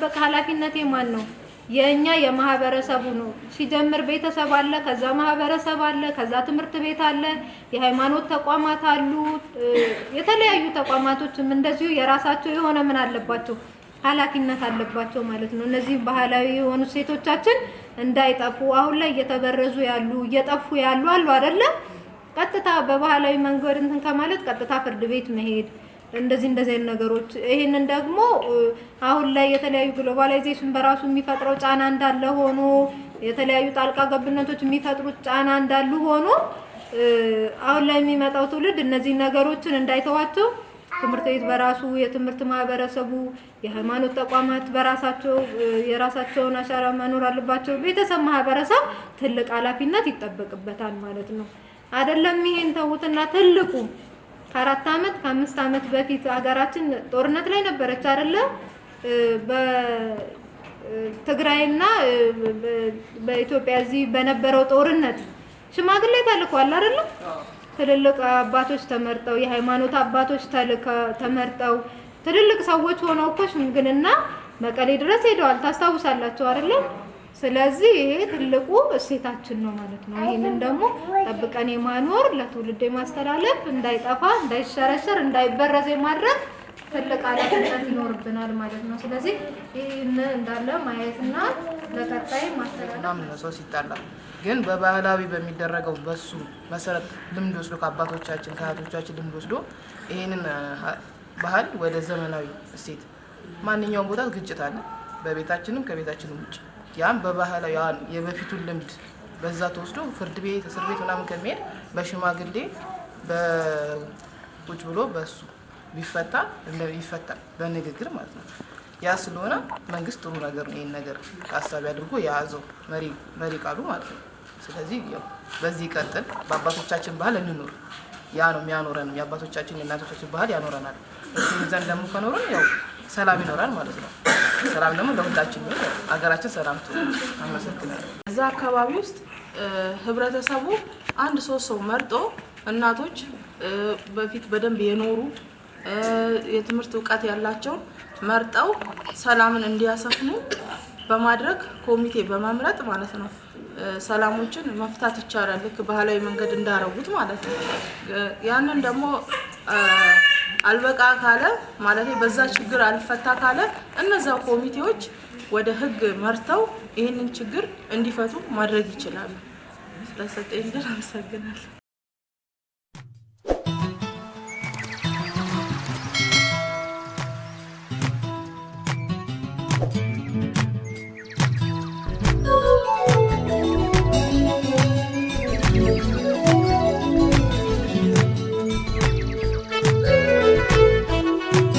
የመጠበቅ ኃላፊነት የማን ነው? የእኛ የማህበረሰቡ ነው። ሲጀምር ቤተሰብ አለ፣ ከዛ ማህበረሰብ አለ፣ ከዛ ትምህርት ቤት አለ፣ የሃይማኖት ተቋማት አሉ። የተለያዩ ተቋማቶችም እንደዚሁ የራሳቸው የሆነ ምን አለባቸው ኃላፊነት አለባቸው ማለት ነው። እነዚህ ባህላዊ የሆኑ ሴቶቻችን እንዳይጠፉ አሁን ላይ እየተበረዙ ያሉ እየጠፉ ያሉ አሉ አይደለም። ቀጥታ በባህላዊ መንገድ እንትን ከማለት ቀጥታ ፍርድ ቤት መሄድ እንደዚህ እንደዚህ አይነት ነገሮች ይሄንን ደግሞ አሁን ላይ የተለያዩ ግሎባላይዜሽን በራሱ የሚፈጥረው ጫና እንዳለ ሆኖ የተለያዩ ጣልቃ ገብነቶች የሚፈጥሩት ጫና እንዳሉ ሆኖ አሁን ላይ የሚመጣው ትውልድ እነዚህ ነገሮችን እንዳይተዋቸው ትምህርት ቤት በራሱ የትምህርት ማህበረሰቡ፣ የሃይማኖት ተቋማት በራሳቸው የራሳቸውን አሻራ መኖር አለባቸው። ቤተሰብ፣ ማህበረሰብ ትልቅ ኃላፊነት ይጠበቅበታል ማለት ነው። አይደለም ይሄን ተዉትና ትልቁ ከአራት አመት ከአምስት አመት በፊት ሀገራችን ጦርነት ላይ ነበረች አይደለ? በትግራይና በኢትዮጵያ እዚህ በነበረው ጦርነት ሽማግሌ ተልኳል አይደለ? ትልልቅ አባቶች ተመርጠው የሃይማኖት አባቶች ተመርጠው ትልልቅ ሰዎች ሆነው እኮ ሽምግልና መቀሌ ድረስ ሄደዋል። ታስታውሳላችሁ አይደለም ስለዚህ ይሄ ትልቁ እሴታችን ነው ማለት ነው። ይህንን ደግሞ ጠብቀን የማኖር ለትውልድ የማስተላለፍ እንዳይጠፋ፣ እንዳይሸረሸር፣ እንዳይበረዝ የማድረግ ትልቅ ኃላፊነት ይኖርብናል ማለት ነው። ስለዚህ ይህን እንዳለ ማየትና ለቀጣይ ማስተላለፍ ሰው ግን በባህላዊ በሚደረገው በሱ መሰረት ልምድ ወስዶ ከአባቶቻችን ከእህቶቻችን ልምድ ወስዶ ይህንን ባህል ወደ ዘመናዊ እሴት ማንኛውም ቦታ ግጭት አለ፣ በቤታችንም ከቤታችንም ውጭ ያም በባህላዊ የበፊቱን ልምድ በዛ ተወስዶ ፍርድ ቤት እስር ቤት ምናምን ከሚሄድ በሽማግሌ በቁጭ ብሎ በሱ ቢፈታ ይፈታል፣ በንግግር ማለት ነው። ያ ስለሆነ መንግስት ጥሩ ነገር ነው፣ ይህን ነገር ታሳቢ አድርጎ የያዘው መሪ ቃሉ ማለት ነው። ስለዚህ በዚህ ቀጥል፣ በአባቶቻችን ባህል እንኖር። ያ ነው የሚያኖረንም፣ የአባቶቻችን የእናቶቻችን ባህል ያኖረናል። እሱ ዘንድ ደግሞ ከኖረን ያው ሰላም ይኖራል ማለት ነው። ሰላም ደግሞ ለሁላችን ነው። ሀገራችን ሰላም ቱ አመሰግናለሁ። እዛ አካባቢ ውስጥ ህብረተሰቡ አንድ ሶስት ሰው መርጦ እናቶች በፊት በደንብ የኖሩ የትምህርት እውቀት ያላቸውን መርጠው ሰላምን እንዲያሰፍኑ በማድረግ ኮሚቴ በመምረጥ ማለት ነው ሰላሞችን መፍታት ይቻላል። ልክ ባህላዊ መንገድ እንዳረጉት ማለት ነው። ያንን ደግሞ አልበቃ ካለ ማለት በዛ ችግር አልፈታ ካለ እነዛ ኮሚቴዎች ወደ ህግ መርተው ይህንን ችግር እንዲፈቱ ማድረግ ይችላሉ። ስለሰጠኝ ድል አመሰግናለሁ።